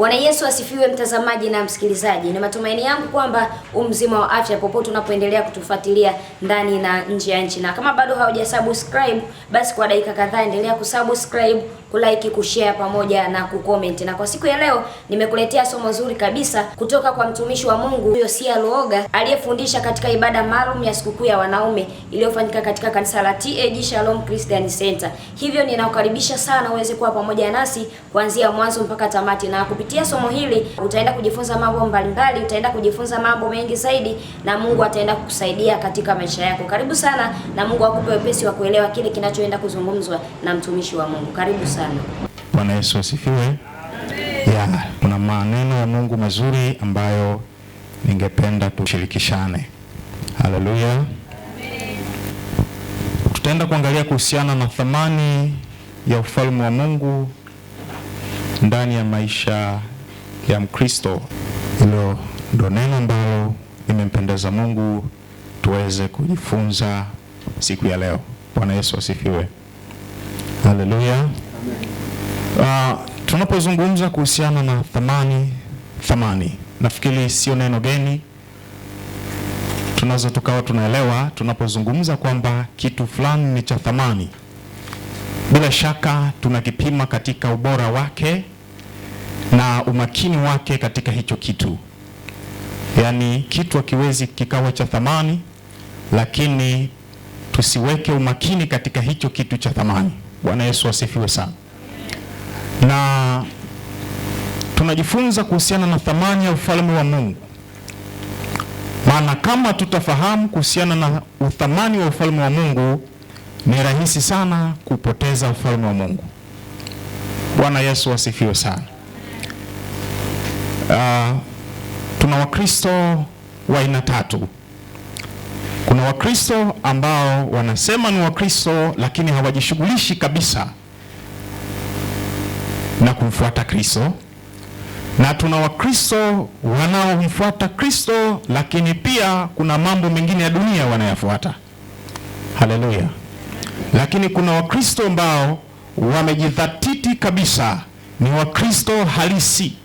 Bwana Yesu asifiwe, mtazamaji na msikilizaji. Ni matumaini yangu kwamba umzima wa afya popote unapoendelea kutufuatilia ndani na nje ya nchi, na kama bado haujasubscribe, basi kwa dakika kadhaa endelea kusubscribe kulike, kushare pamoja na kucomment. Na kwa siku ya leo nimekuletea somo zuri kabisa kutoka kwa mtumishi wa Mungu Yosia Luoga aliyefundisha katika ibada maalum ya sikukuu ya wanaume iliyofanyika katika kanisa la TAG Shalom Christian Center. Hivyo ninakukaribisha sana uweze kuwa pamoja nasi kuanzia mwanzo mpaka tamati, na kupitia somo hili utaenda kujifunza mambo mbalimbali, utaenda kujifunza mambo mengi zaidi, na Mungu ataenda kukusaidia katika maisha yako. Karibu sana, na Mungu akupe wepesi wa kuelewa kile kinachoenda kuzungumzwa na mtumishi wa Mungu. Karibu sana sana. Bwana Yesu asifiwe. Ya, kuna maneno ya Mungu mazuri ambayo ningependa tushirikishane. Haleluya. Tutaenda kuangalia kuhusiana na thamani ya ufalme wa Mungu ndani ya maisha ya Mkristo. Hilo ndo neno ambalo limempendeza Mungu tuweze kujifunza siku ya leo. Bwana Yesu asifiwe. Haleluya. Uh, tunapozungumza kuhusiana na thamani, thamani nafikiri sio neno geni, tunazo tukawa tunaelewa tunapozungumza kwamba kitu fulani ni cha thamani, bila shaka tunakipima katika ubora wake na umakini wake katika hicho kitu. Yaani kitu hakiwezi kikawa cha thamani, lakini tusiweke umakini katika hicho kitu cha thamani. Bwana Yesu asifiwe sana. Na tunajifunza kuhusiana na thamani ya ufalme wa Mungu, maana kama tutafahamu kuhusiana na uthamani wa ufalme wa Mungu, ni rahisi sana kupoteza ufalme wa Mungu. Bwana Yesu asifiwe sana. Uh, tuna Wakristo wa aina tatu. Kuna Wakristo ambao wanasema ni Wakristo lakini hawajishughulishi kabisa na kumfuata Kristo, na tuna Wakristo wanaomfuata Kristo lakini pia kuna mambo mengine ya dunia wanayafuata. Haleluya! Lakini kuna Wakristo ambao wamejidhatiti kabisa, ni Wakristo halisi,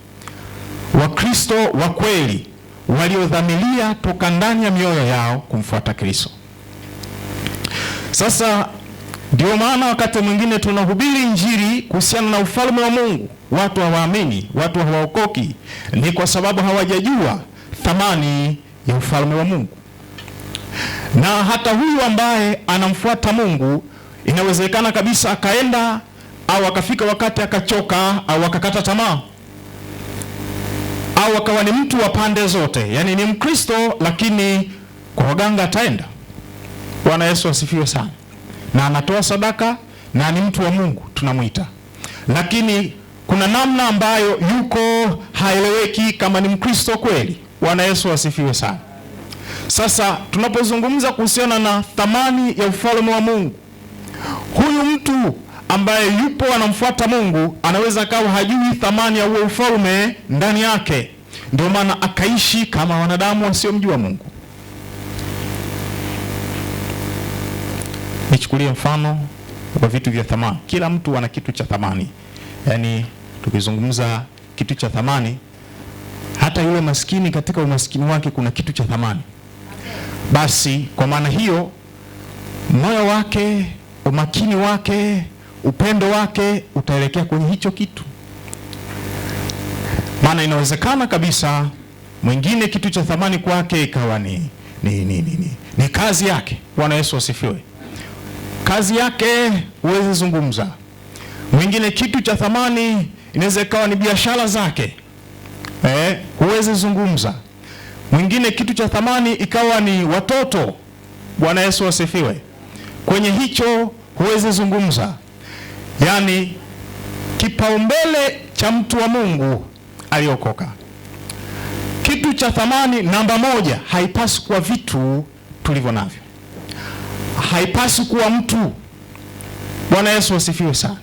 Wakristo wa kweli waliodhamiria toka ndani ya mioyo yao kumfuata Kristo. Sasa ndio maana wakati mwingine tunahubiri Injili kuhusiana na ufalme wa Mungu, watu hawaamini, watu hawaokoki. Ni kwa sababu hawajajua thamani ya ufalme wa Mungu. Na hata huyu ambaye anamfuata Mungu, inawezekana kabisa akaenda au akafika wakati akachoka au akakata tamaa au akawa ni mtu wa pande zote, yaani ni Mkristo lakini kwa waganga ataenda. Bwana Yesu asifiwe sana, na anatoa sadaka na ni mtu wa Mungu tunamwita, lakini kuna namna ambayo yuko haeleweki kama ni Mkristo kweli. Bwana Yesu asifiwe sana. Sasa tunapozungumza kuhusiana na thamani ya ufalme wa Mungu, huyu mtu ambaye yupo anamfuata Mungu anaweza akawa hajui thamani ya huo ufalme ndani yake. Ndio maana akaishi kama wanadamu wasiomjua Mungu. Nichukulie mfano wa vitu vya thamani. Kila mtu ana kitu cha thamani, yaani tukizungumza kitu cha thamani, hata yule maskini katika umaskini wake kuna kitu cha thamani. Basi kwa maana hiyo, moyo wake, umakini wake, upendo wake utaelekea kwenye hicho kitu. Maana inawezekana kabisa mwingine kitu cha thamani kwake ikawa ni, ni, ni, ni, ni, ni kazi yake. Bwana Yesu asifiwe. Kazi yake huwezi zungumza. Mwingine kitu cha thamani inaweza ikawa ni biashara zake, eh, huwezi zungumza. Mwingine kitu cha thamani ikawa ni watoto. Bwana Yesu asifiwe. Kwenye hicho huwezi zungumza. Yaani, kipaumbele cha mtu wa Mungu aliokoka. Kitu cha thamani namba moja, haipaswi kuwa vitu tulivyo navyo, haipaswi kuwa mtu. Bwana Yesu wasifiwe sana.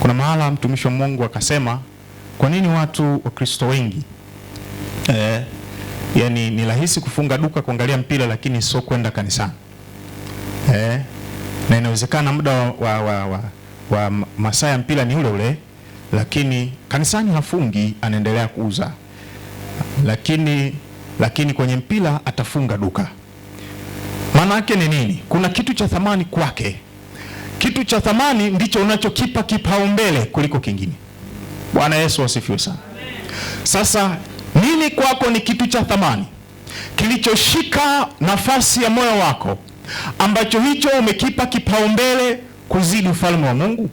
Kuna mahala mtumishi wa Mungu akasema, kwa nini watu Wakristo wengi eh, yani ni rahisi kufunga duka, kuangalia mpira, lakini sio kwenda kanisani eh, na inawezekana muda wa, wa, wa, wa, wa masaa ya mpira ni ule ule lakini kanisani hafungi, anaendelea kuuza, lakini lakini kwenye mpira atafunga duka. Maana yake ni nini? Kuna kitu cha thamani kwake. Kitu cha thamani ndicho unachokipa kipaumbele kuliko kingine. Bwana Yesu asifiwe sana. Sasa nini kwako ni kitu cha thamani kilichoshika nafasi ya moyo wako, ambacho hicho umekipa kipaumbele kuzidi ufalme wa Mungu?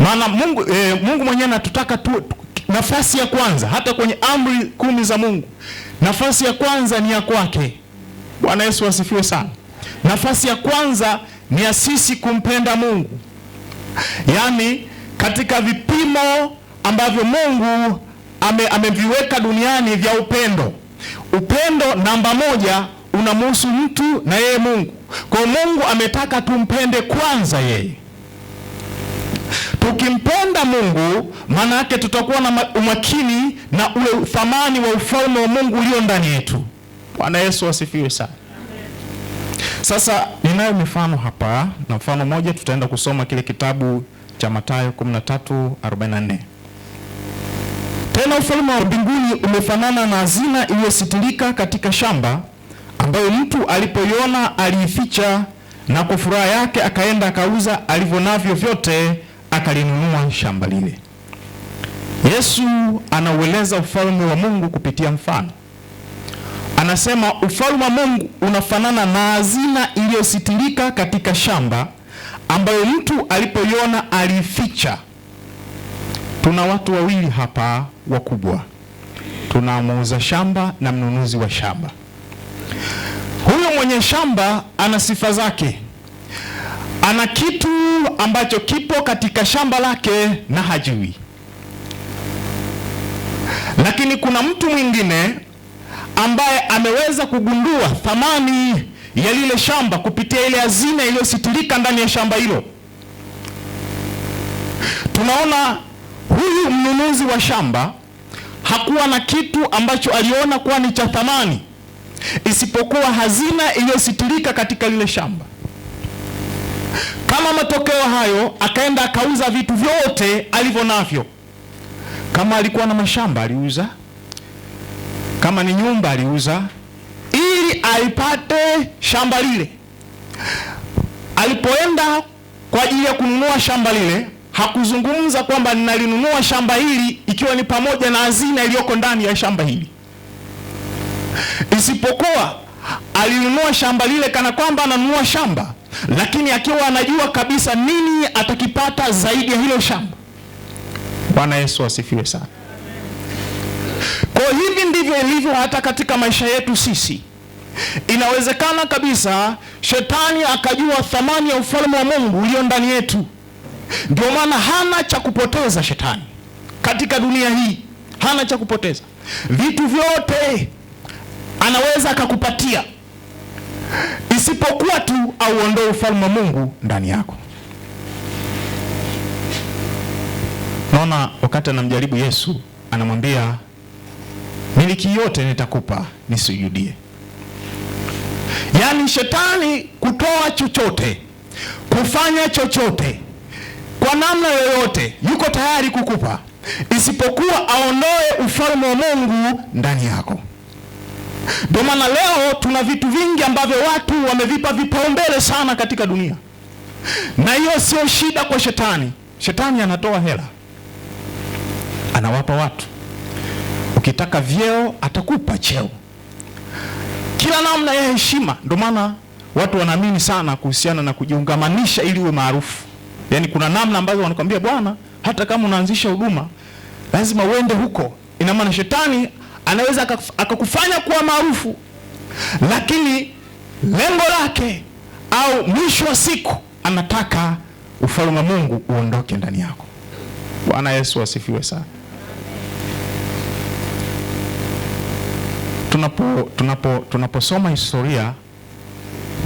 Maana Mungu, e, Mungu mwenyewe anatutaka tu nafasi ya kwanza, hata kwenye amri kumi za Mungu nafasi ya kwanza ni ya kwake. Bwana Yesu asifiwe sana. Nafasi ya kwanza ni ya sisi kumpenda Mungu, yaani katika vipimo ambavyo Mungu ame, ameviweka duniani vya upendo. Upendo namba moja unamhusu mtu na yeye Mungu. Kwa Mungu ametaka tumpende kwanza yeye Tukimpenda Mungu, maana yake tutakuwa na umakini na ule thamani wa ufalme wa Mungu ulio ndani yetu. Bwana Yesu asifiwe sana. Sasa ninayo mifano hapa, na mfano mmoja tutaenda kusoma kile kitabu cha Mathayo 13:44. Tena ufalme wa mbinguni umefanana na hazina iliyositirika katika shamba, ambayo mtu alipoiona aliificha, na kwa furaha yake akaenda akauza alivyo navyo vyote akalinunua shamba lile. Yesu anaueleza ufalme wa Mungu kupitia mfano. Anasema ufalme wa Mungu unafanana na hazina iliyositirika katika shamba ambayo mtu alipoiona aliificha. Tuna watu wawili hapa wakubwa, tuna muuza shamba na mnunuzi wa shamba. Huyo mwenye shamba ana sifa zake ana kitu ambacho kipo katika shamba lake na hajui. Lakini kuna mtu mwingine ambaye ameweza kugundua thamani ya lile shamba kupitia ile hazina iliyositirika ndani ya shamba hilo. Tunaona huyu mnunuzi wa shamba hakuwa na kitu ambacho aliona kuwa ni cha thamani isipokuwa hazina iliyositirika katika lile shamba. Kama matokeo hayo akaenda akauza vitu vyote alivyo navyo. Kama alikuwa na mashamba aliuza, kama ni nyumba aliuza, ili alipate shamba lile. Alipoenda kwa ajili ya kununua shamba lile, hakuzungumza kwamba ninalinunua shamba hili ikiwa ni pamoja na hazina iliyoko ndani ya shamba hili, isipokuwa alinunua shamba lile kana kwamba ananunua shamba lakini akiwa anajua kabisa nini atakipata zaidi ya hilo shamba. Bwana Yesu asifiwe sana. Kwa hivi ndivyo ilivyo hata katika maisha yetu sisi. Inawezekana kabisa shetani akajua thamani ya ufalme wa Mungu ulio ndani yetu, ndio maana hana cha kupoteza. Shetani katika dunia hii hana cha kupoteza, vitu vyote anaweza akakupatia isipokuwa tu auondoe ufalme wa Mungu ndani yako. Naona wakati anamjaribu Yesu anamwambia miliki yote nitakupa nisujudie. Yaani shetani kutoa chochote, kufanya chochote kwa namna yoyote, yuko tayari kukupa isipokuwa aondoe ufalme wa Mungu ndani yako. Ndio maana leo tuna vitu vingi ambavyo watu wamevipa vipaumbele sana katika dunia, na hiyo sio shida kwa shetani. Shetani anatoa hela, anawapa watu. Ukitaka vyeo atakupa cheo, kila namna ya heshima. Ndio maana watu wanaamini sana kuhusiana na kujiungamanisha ili uwe maarufu. Yaani kuna namna ambazo wanakwambia bwana, hata kama unaanzisha huduma lazima uende huko. Ina maana shetani anaweza akakufanya kuwa maarufu, lakini lengo lake au mwisho wa siku anataka ufalme wa Mungu uondoke ndani yako. Bwana Yesu asifiwe sana. Tunapo tunapo tunaposoma historia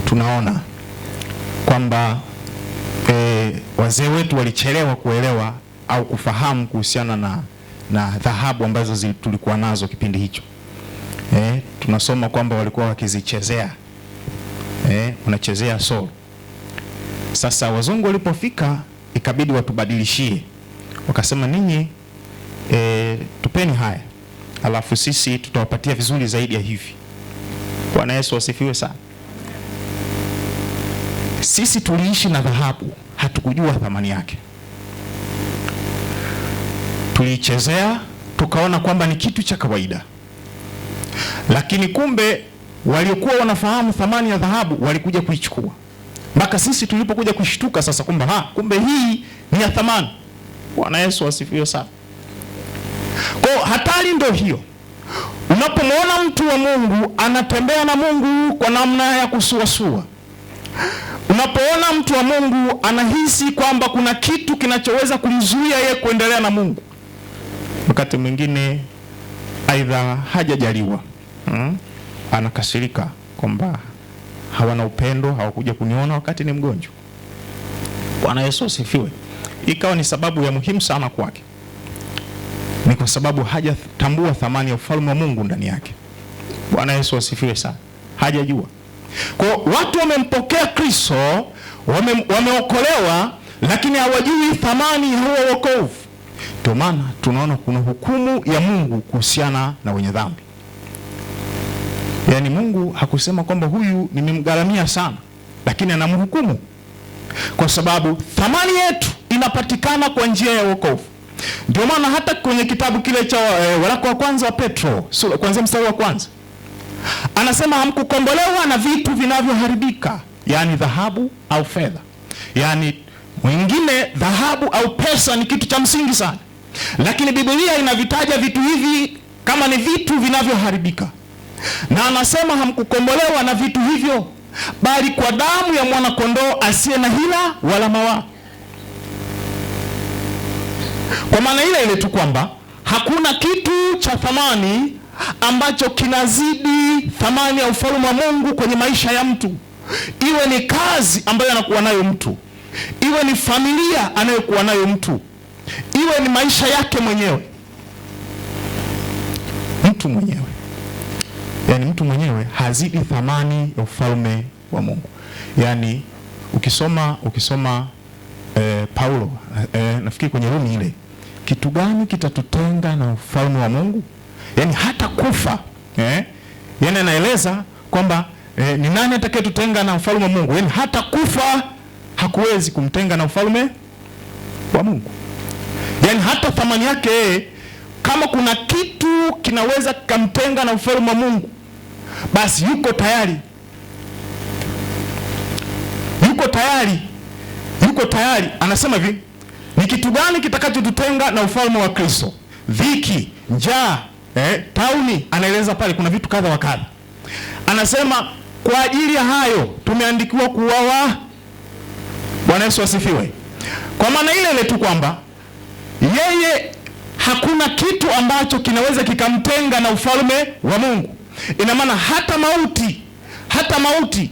tunaona kwamba e, wazee wetu walichelewa kuelewa au kufahamu kuhusiana na na dhahabu ambazo zi, tulikuwa nazo kipindi hicho eh, tunasoma kwamba walikuwa wakizichezea eh, wanachezea solo. Sasa wazungu walipofika ikabidi watubadilishie, wakasema ninyi eh, tupeni haya alafu sisi tutawapatia vizuri zaidi ya hivi. Bwana Yesu asifiwe sana. Sisi tuliishi na dhahabu, hatukujua thamani yake tuliichezea tukaona kwamba ni kitu cha kawaida, lakini kumbe waliokuwa wanafahamu thamani ya dhahabu walikuja kuichukua mpaka sisi tulipokuja kushtuka sasa kwamba ha, kumbe hii ni ya thamani. Bwana Yesu asifiwe sana. Kwa hatari ndio hiyo, unapomwona mtu wa Mungu anatembea na Mungu kwa namna ya kusuasua, unapoona mtu wa Mungu anahisi kwamba kuna kitu kinachoweza kumzuia yeye kuendelea na Mungu wakati mwingine aidha hajajaliwa hmm, anakasirika kwamba hawana upendo, hawakuja kuniona wakati ni mgonjwa. Bwana Yesu asifiwe. Ikawa ni sababu ya muhimu sana kwake, ni kwa sababu hajatambua thamani ya ufalme wa Mungu ndani yake. Bwana Yesu asifiwe sana, hajajua. Kwa watu wamempokea Kristo, wameokolewa, wame lakini hawajui thamani ya huo wokovu ndio maana tunaona kuna hukumu ya Mungu kuhusiana na wenye dhambi. Yaani Mungu hakusema kwamba huyu nimemgharamia sana, lakini anamhukumu kwa sababu thamani yetu inapatikana kwa njia ya wokovu. Ndio maana hata kwenye kitabu kile cha e, waraka wa kwanza wa Petro sura kuanzia mstari wa kwanza anasema hamkukombolewa na vitu vinavyoharibika, yaani dhahabu au fedha. Yaani mwingine, dhahabu au pesa ni kitu cha msingi sana, lakini Biblia inavitaja vitu hivi kama ni vitu vinavyoharibika, na anasema hamkukombolewa na vitu hivyo, bali kwa damu ya mwanakondoo asiye na hila wala mawaa. Kwa maana ile ile tu kwamba hakuna kitu cha thamani ambacho kinazidi thamani ya ufalme wa Mungu kwenye maisha ya mtu, iwe ni kazi ambayo anakuwa nayo mtu, iwe ni familia anayokuwa nayo mtu iwe ni maisha yake mwenyewe, mtu mwenyewe, yaani mtu mwenyewe hazidi thamani ya ufalme wa Mungu. Yaani ukisoma ukisoma eh, Paulo eh, nafikiri kwenye Rumi ile, kitu gani kitatutenga na ufalme wa Mungu? Yaani hata kufa eh? Yaani anaeleza kwamba eh, ni nani atakayetutenga na ufalme wa Mungu? Yaani hata kufa hakuwezi kumtenga na ufalme wa Mungu then hata thamani yake yeye, kama kuna kitu kinaweza kikamtenga na ufalme wa Mungu, basi yuko tayari, yuko tayari, yuko tayari. Anasema hivi, ni kitu gani kitakachotutenga na ufalme wa Kristo? Dhiki, njaa, eh, tauni. Anaeleza pale kuna vitu kadha wa kadha. Anasema kwa ajili ya hayo tumeandikiwa kuuawa. Bwana Yesu asifiwe. Kwa maana ile ile tu kwamba yeye hakuna kitu ambacho kinaweza kikamtenga na ufalme wa Mungu. Ina maana hata mauti, hata mauti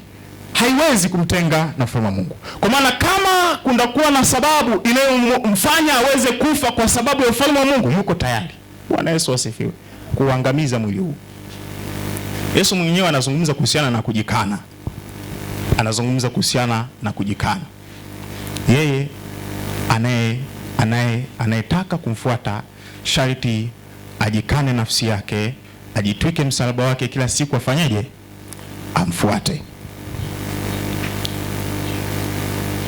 haiwezi kumtenga na ufalme wa Mungu. Kwa maana kama kundakuwa na sababu inayomfanya aweze kufa kwa sababu ya ufalme wa Mungu, yuko tayari. Bwana Yesu asifiwe, kuangamiza mwili huu. Yesu mwenyewe anazungumza kuhusiana na kujikana, anazungumza kuhusiana na kujikana, yeye anaye anaye anayetaka kumfuata sharti ajikane nafsi yake, ajitwike msalaba wake kila siku, afanyeje? Amfuate.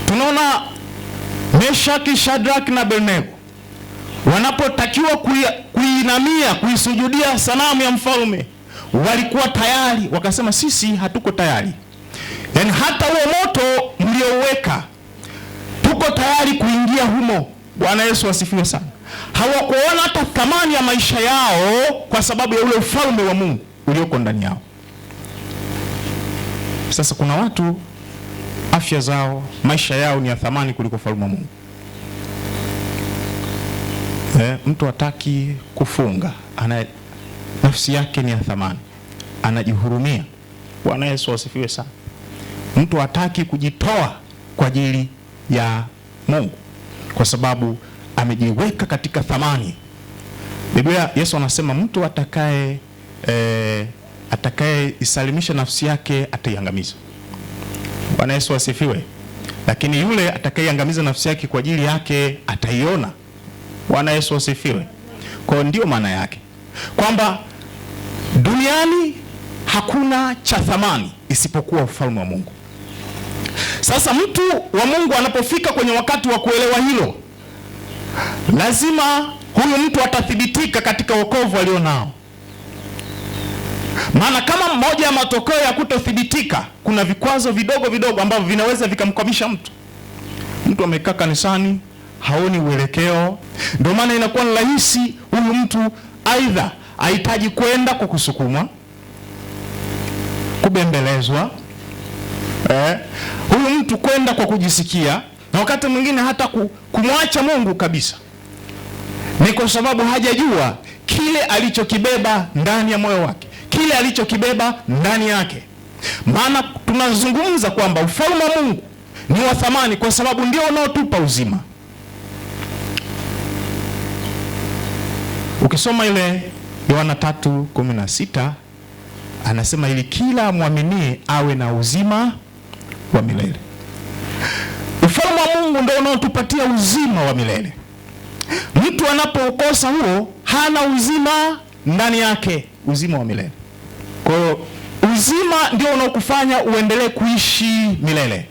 Tunaona Meshaki, Shadrach na Abednego wanapotakiwa kuinamia kuisujudia sanamu ya mfalme walikuwa tayari, wakasema sisi hatuko tayari. Yani hata huo moto Bwana Yesu asifiwe sana. Hawakuona hata thamani ya maisha yao kwa sababu ya ule ufalme wa Mungu ulioko ndani yao. Sasa kuna watu afya zao, maisha yao ni ya thamani kuliko ufalme wa Mungu. Eh, mtu hataki kufunga, ana nafsi yake ni ya thamani, anajihurumia. Bwana Yesu asifiwe sana. Mtu hataki kujitoa kwa ajili ya Mungu kwa sababu amejiweka katika thamani. Biblia, Yesu anasema mtu atakaye eh, atakaye isalimisha nafsi yake ataiangamiza. Bwana Yesu asifiwe. Lakini yule atakayeangamiza nafsi yake kwa ajili yake ataiona. Bwana Yesu asifiwe. Kwa ndio maana yake kwamba duniani hakuna cha thamani isipokuwa ufalme wa Mungu. Sasa mtu wa Mungu anapofika kwenye wakati wa kuelewa hilo, lazima huyu mtu atathibitika katika wokovu alionao. Maana kama mmoja ya matokeo ya kutothibitika, kuna vikwazo vidogo vidogo ambavyo vinaweza vikamkwamisha mtu. Mtu amekaa kanisani, haoni uelekeo. Ndio maana inakuwa ni rahisi huyu mtu aidha ahitaji kwenda kwa kusukumwa, kubembelezwa eh, huyu mtu kwenda kwa kujisikia na wakati mwingine hata kumwacha Mungu kabisa, ni kwa sababu hajajua kile alichokibeba ndani ya moyo wake, kile alichokibeba ndani yake. Maana tunazungumza kwamba ufalme wa Mungu ni wa thamani, kwa sababu ndio unaotupa uzima. Ukisoma ile Yohana 3:16 anasema ili kila amwaminie awe na uzima wa milele. Ufalme wa Mungu ndio unaotupatia uzima wa milele. Mtu anapoukosa huo, hana uzima ndani yake, uzima wa milele. Kwa hiyo uzima ndio unaokufanya uendelee kuishi milele.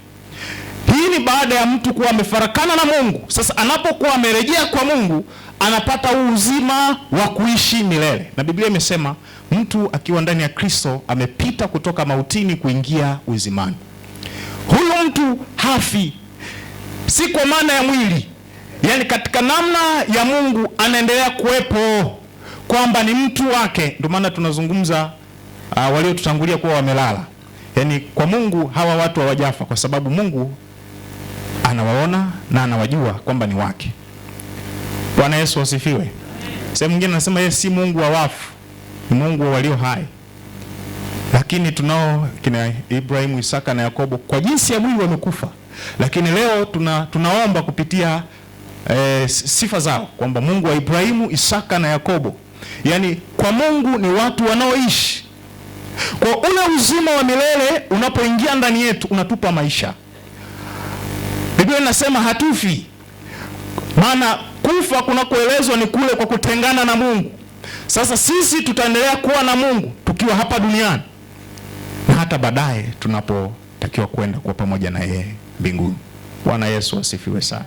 Hii ni baada ya mtu kuwa amefarakana na Mungu. Sasa anapokuwa amerejea kwa Mungu, anapata huu uzima wa kuishi milele, na Biblia imesema mtu akiwa ndani ya Kristo amepita kutoka mautini kuingia uzimani mtu hafi, si kwa maana ya mwili, yaani katika namna ya Mungu anaendelea kuwepo kwamba ni mtu wake. Ndio maana tunazungumza uh, waliotutangulia kuwa wamelala, yaani kwa Mungu hawa watu hawajafa, kwa sababu Mungu anawaona na anawajua kwamba ni wake. Bwana Yesu asifiwe. Sehemu nyingine anasema yeye si Mungu wa wafu, ni Mungu wa walio hai. Lakini tunao kina Ibrahimu, Isaka na Yakobo kwa jinsi ya mwili wamekufa, lakini leo tuna, tunaomba kupitia e, sifa zao kwamba Mungu wa Ibrahimu, Isaka na Yakobo, yaani kwa Mungu ni watu wanaoishi kwa ule uzima wa milele. Unapoingia ndani yetu unatupa maisha. Biblia inasema hatufi, maana kufa kunakoelezwa ni kule kwa kutengana na Mungu. Sasa sisi tutaendelea kuwa na Mungu tukiwa hapa duniani hata baadaye tunapotakiwa kwenda kuwa pamoja na yeye mbinguni. Bwana Yesu asifiwe sana.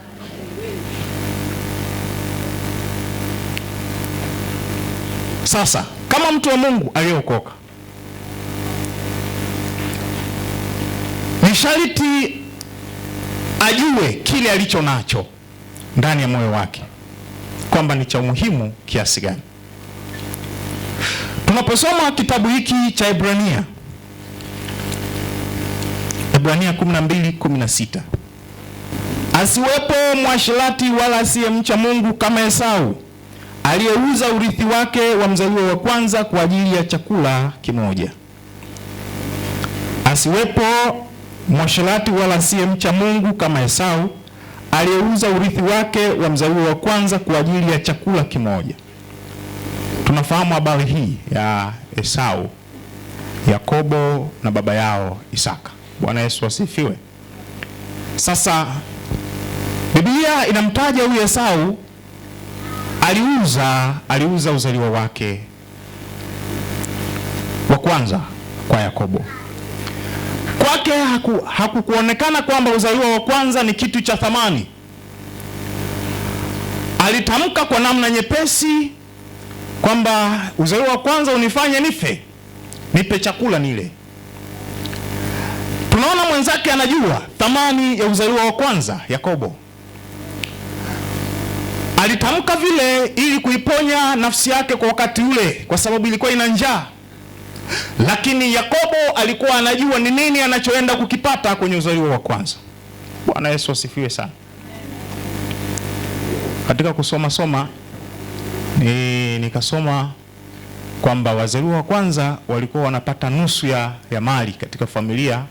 Sasa kama mtu wa Mungu aliyeokoka ni sharti ajue kile alicho nacho ndani ya moyo wake kwamba ni cha umuhimu kiasi gani. Tunaposoma kitabu hiki cha Ibrania Ibrania 12:16, asiwepo mwashirati wala mcha Mungu kama Esau aliyeuza urithi wake wa mzaliwa wa kwanza kwa ajili ya chakula kimoja. Asiwepo mwashirati wala mcha Mungu kama Esau aliyeuza urithi wake wa mzaliwa wa kwanza kwa ajili ya chakula kimoja. Tunafahamu habari hii ya Esau, Yakobo na baba yao Isaka. Bwana Yesu asifiwe. Sasa Biblia inamtaja huyu Esau aliuza, aliuza uzaliwa wake wa kwanza kwa Yakobo. Kwake hakukuonekana haku kwamba uzaliwa wa kwanza ni kitu cha thamani. Alitamka kwa namna nyepesi kwamba uzaliwa wa kwanza unifanye nife, nipe chakula nile. Tunaona mwenzake anajua thamani ya uzaliwa wa kwanza. Yakobo alitamka vile ili kuiponya nafsi yake kwa wakati ule, kwa sababu ilikuwa ina njaa, lakini Yakobo alikuwa anajua ni nini anachoenda kukipata kwenye uzaliwa wa kwanza. Bwana Yesu asifiwe sana. Katika kusoma soma ni nikasoma kwamba wazaliwa wa kwanza walikuwa wanapata nusu ya, ya mali katika familia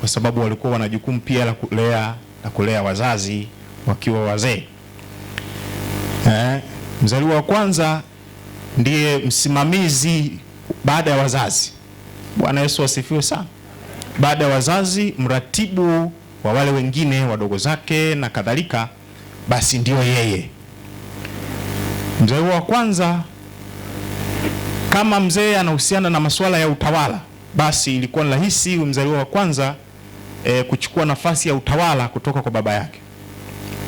kwa sababu walikuwa wana jukumu pia la kulea na kulea wazazi wakiwa wazee. Eh, mzaliwa wa kwanza ndiye msimamizi baada ya wazazi. Bwana Yesu asifiwe sana. Baada ya wazazi, mratibu wa wale wengine wadogo zake na kadhalika, basi ndio yeye. Mzaliwa wa kwanza, kama mzee anahusiana na masuala ya utawala, basi ilikuwa ni rahisi mzaliwa wa kwanza e, kuchukua nafasi ya utawala kutoka kwa baba yake.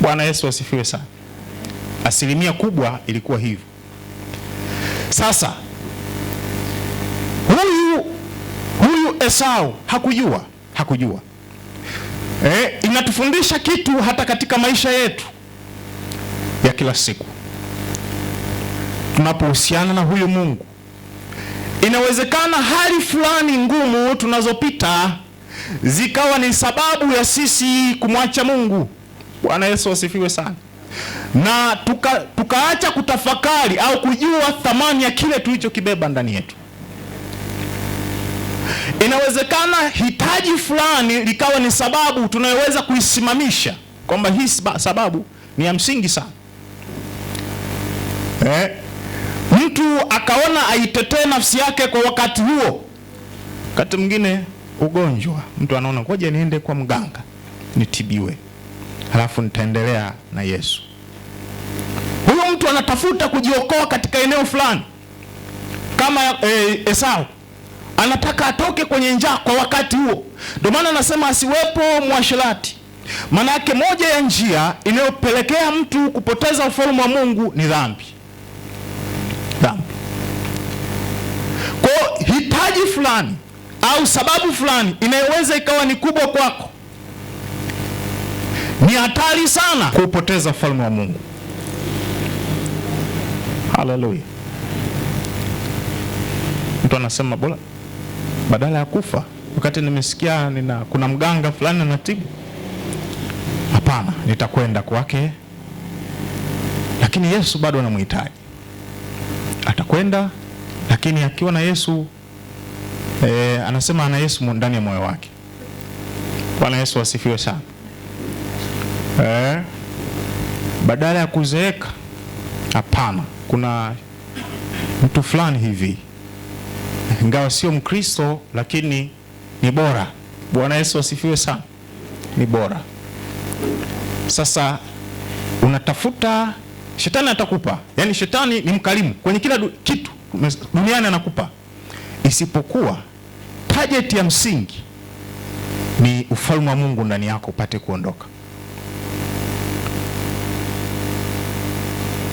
Bwana Yesu asifiwe sana. Asilimia kubwa ilikuwa hivyo. Sasa huyu huyu Esau hakujua, hakujua. E, inatufundisha kitu hata katika maisha yetu ya kila siku tunapohusiana na huyu Mungu. Inawezekana hali fulani ngumu tunazopita zikawa ni sababu ya sisi kumwacha Mungu. Bwana Yesu asifiwe sana, na tuka, tukaacha kutafakari au kujua thamani ya kile tulichokibeba ndani yetu. Inawezekana hitaji fulani likawa ni sababu tunayoweza kuisimamisha kwamba hii sababu ni ya msingi sana eh. Mtu akaona aitetee nafsi yake kwa wakati huo, wakati mwingine ugonjwa, mtu anaona ngoja niende kwa mganga nitibiwe, halafu nitaendelea na Yesu. Huyu mtu anatafuta kujiokoa katika eneo fulani, kama e, Esau anataka atoke kwenye njaa kwa wakati huo. Ndio maana anasema asiwepo Maana Manake moja ya njia inayopelekea mtu kupoteza ufalme wa Mungu ni dhambi, dhambi. Kwa hitaji fulani au sababu fulani inayoweza ikawa ni kubwa kwako, ni hatari sana kuupoteza ufalme wa Mungu. Haleluya! Mtu anasema bora badala ya kufa, wakati nimesikia nina kuna mganga fulani anatibu, hapana, nitakwenda kwake. Lakini Yesu bado anamhitaji, atakwenda, lakini akiwa na Yesu E, anasema ana Yesu ndani ya moyo wake. Bwana Yesu asifiwe sana. E, badala ya kuzeeka, hapana, kuna mtu fulani hivi ingawa sio Mkristo lakini ni bora. Bwana Yesu asifiwe sana, ni bora. Sasa unatafuta shetani, atakupa yaani, shetani ni mkarimu kwenye kila kitu duniani, anakupa isipokuwa Target ya msingi ni ufalme wa Mungu ndani yako upate kuondoka.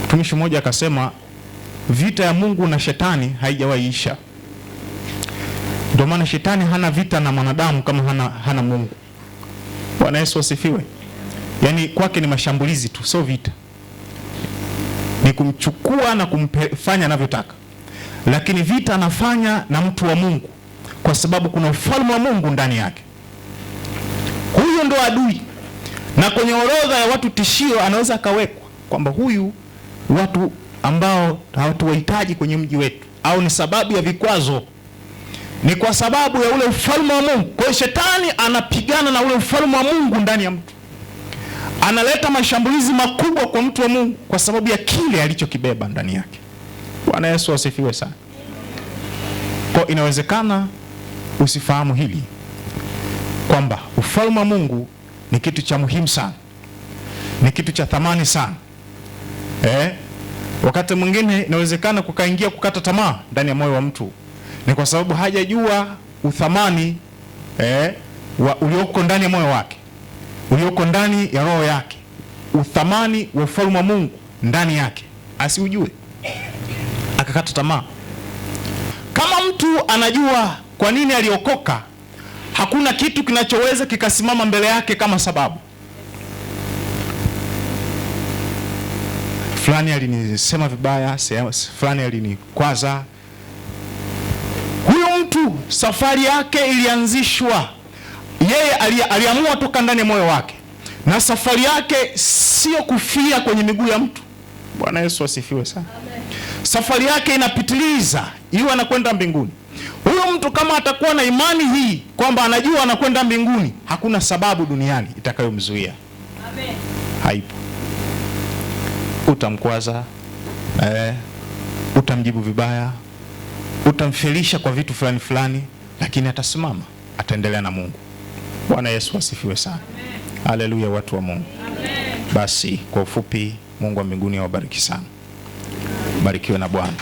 Mtumishi mmoja akasema vita ya Mungu na shetani haijawahi isha. Ndio maana shetani hana vita na mwanadamu kama hana, hana Mungu. Bwana Yesu asifiwe. Yaani kwake ni mashambulizi tu, sio vita, ni kumchukua na kumfanya anavyotaka, lakini vita anafanya na mtu wa Mungu kwa sababu kuna ufalme wa Mungu ndani yake. Huyo ndo adui, na kwenye orodha ya watu tishio anaweza akawekwa kwamba huyu watu ambao hawatuwahitaji kwenye mji wetu, au ni sababu ya vikwazo, ni kwa sababu ya ule ufalme wa Mungu. Kwa hiyo shetani anapigana na ule ufalme wa Mungu ndani ya mtu, analeta mashambulizi makubwa kwa mtu wa Mungu kwa sababu ya kile alichokibeba ndani yake. Bwana Yesu asifiwe sana. Kwa inawezekana usifahamu hili kwamba ufalme wa Mungu ni kitu cha muhimu sana, ni kitu cha thamani sana eh? Wakati mwingine inawezekana kukaingia kukata tamaa ndani ya moyo wa mtu, ni kwa sababu hajajua uthamani eh, wa ulioko ndani ya moyo wake, ulioko ndani ya roho yake, uthamani wa ufalme wa Mungu ndani yake, asiujue akakata tamaa. Kama mtu anajua kwa nini aliokoka? Hakuna kitu kinachoweza kikasimama mbele yake kama sababu. Fulani alinisema vibaya, fulani alinikwaza. Huyu mtu safari yake ilianzishwa, yeye aliamua toka ndani ya moyo wake, na safari yake sio kufia kwenye miguu ya mtu. Bwana Yesu asifiwe sana. Safari yake inapitiliza, iwe anakwenda mbinguni mtu kama atakuwa na imani hii kwamba anajua anakwenda mbinguni, hakuna sababu duniani itakayomzuia. Amen. Haipo. Utamkwaza eh, utamjibu vibaya, utamfelisha kwa vitu fulani fulani, lakini atasimama, ataendelea na Mungu. Bwana Yesu asifiwe sana. Haleluya, watu wa Mungu. Amen. Basi kwa ufupi, Mungu wa mbinguni awabariki sana. Barikiwe na Bwana.